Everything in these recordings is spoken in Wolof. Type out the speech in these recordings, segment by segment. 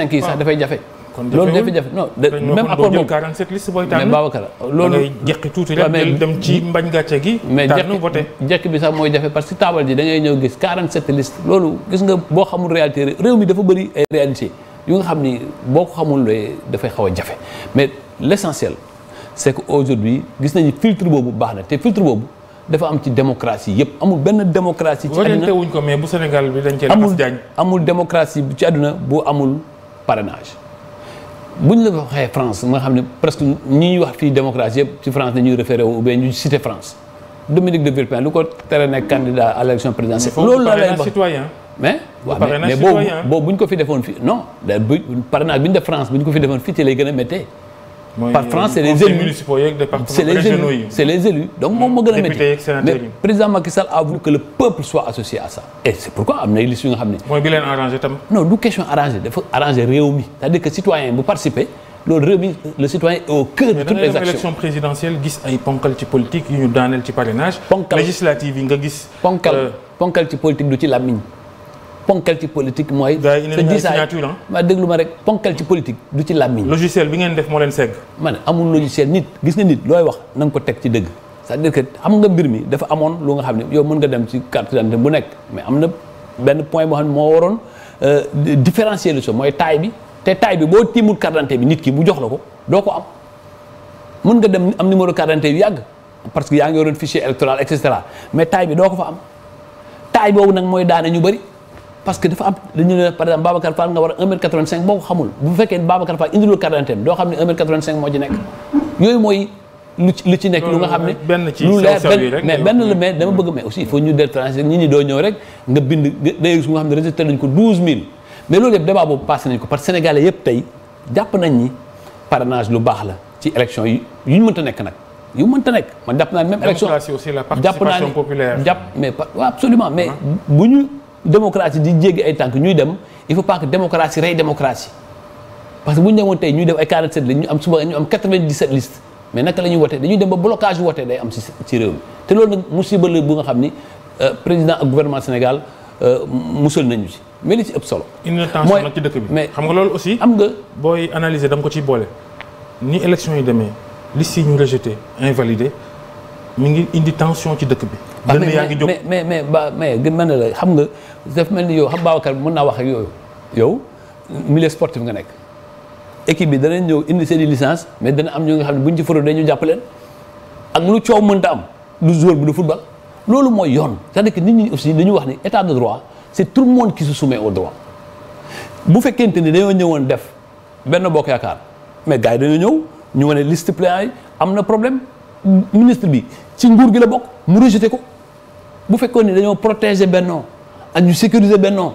cinq yi sax dafay jafe. loolu dafay jafe bi sax mooy jafe parce que taabal ji da ngay ñëw gis 47 liste loolu gis nga boo xamul réalité réew mi dafa bëri ay réalité yu nga xam ni boo ko xamul looy dafay xaw a jafe mais l' essentiel c' est que aujourd'hui gis nañu filtre boobu baax na te filtre boobu. dafa am ci démocratie yëpp amul benn démocratie. ci àdduna wuñ ko mais bu Sénégal bi dañ cee amul démocratie ci bu amul parrainage buñ la waxee France nga xam ne presque ñi wax fii démocratie yëpp ci France dañuy référé wu ou ñu cité France Dominique de Villepin lu ko tere nekk candidat à l' élection présidentielle. loolu la lay wax mais boobu boobu ñu ko fi defoon fii non day bu parrainage bi ñu France bu ko fi defoon fii ci lay gën a méttee. par franc c' les élus c' les élus donc moom moo gën a métti mais président Macky Sall a que le peuple soit associé à ça. et est pourquoi am na liste yu nga xam ne. mooy bi leen arrangé tam. non du question arrangé dafa arrangé réew mi c' à dire que citoyen bu participer le citoyen est au cœur de toutes les présidentielle gis ay ponkal ci politique ñu daaneel ci yi nga gis. ponkal euh, ponkal ci ponkal ci politique mooy. te diisaay ma déglu ma rek ponkal ci politique du ci làmmiñ. logiciel bi ngeen def moo leen segg. ma ne amul logiciel nit gis nga nit looy wax nanga ko teg ci dëgg c'est-à-dire que xam nga mbir mi dafa amoon lu nga xam ne yow mën nga dem ci carte d'identité bu nekk mais am na benn point boo xam ne moo waroon euh, différencier le so mooy taay bi te taay bi boo tiimul carte bi nit ki bu jox la ko doo ko am mën nga dem am numéro carte d'identité yu yàgg parce que yaa ngi yoroon fichier électoral et cetera mais taay bi doo ko fa am taay boobu nag mooy daane ñu bëri. parce que dafa am dañu ne par exemple Babacar Fall nga war a 1 mètre 85 boo ko xamul bu fekkee Babacar Fall indilul carte d'identité doo xam ne 1 mètre 85 moo ci nekk yooyu mooy lu ci nekk lu nga xam ne lu leer mais benn la mais dama bëgg mais aussi il faut ñu del boobu passé nañ ko parce que sénégalais yëpp tey jàpp nañ ni parrainage lu baax la ci élection yi yu ñu mënta nekk nag yu mënta nekk man jàpp naa même élection jàpp naa jàpp mais waaw absolument mais bu ñu démocratie di jéggi ay tànk ñuy dem il faut pas que démocratie rey démocratie parce que bu ñu demoon tey ñuy def ay 47 la am suba ñu am 97 liste mais naka la ñuy dem ba blocage wote day am ci ci réew mi te loolu nag musiba la bu nga xam ni euh, président ak gouvernement Sénégal euh, musal nañu ci mais ci ëpp solo. mooy tension nag ci dëkk bi. mais xam nga lool aussi. am nga booy analyser dama ko ciy boole. ni élection yi demee liste yi ñu rejeté invalidé mi ngi indi tension ci dëkk bi. dënn yaa ngi jóg mais mais mais ba mais gën mel ne la xam nga daf mel ni yow xam Babacar mën naa wax ak yooyu yow milieu sportif nga nekk équipe bi danañ ñëw indi seen i licence mais dana am ñoo nga xam ne buñ ci foro dañu jàpp leen ak lu coow mënta am du joueur bi du football loolu mooy yoon c'est-à-dire que nit ñi aussi dañu wax ni état de droit c'est tout le monde qui se soumet au droit bu fekkente ni dañoo ñëwoon def benn bokk yaakaar mais gars yi dañoo ñëw ñu wane liste play am na problème ministre bi ci nguur gi la bokk mu rejeté ko bu fekkoon ni dañoo protéger Benno ak ñu sécuriser Benno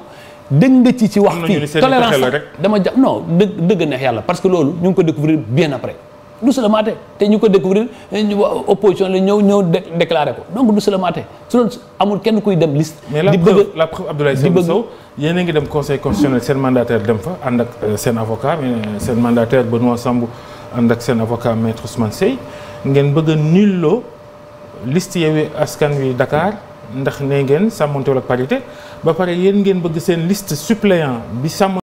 dégg nga ci ci wax fii tolérance dama jàpp non dëgg dëgg neex yàlla parce que loolu ñu ngi ko découvrir bien après du se la maate te ñu ko découvrir eh, opposition la ñëw ñëw déclaré ko donc du se la maate su doon amul kenn kuy dem liste. di bëgg mais la preuve Abdoulaye Seydou Sow yéen a ngi dem conseil constitutionnel seen mandataire dem fa ànd ak euh, seen avocat euh, seen mandataire Benoît Sambou ànd ak seen avocat maître Ousmane Seye. ngeen bëgg a nulloo liste Yewwi Askan Wi Dakar ndax ne ngeen sàmmonteewul ak parité ba pare yéen ngeen bëgg seen list suppléant bi sàmm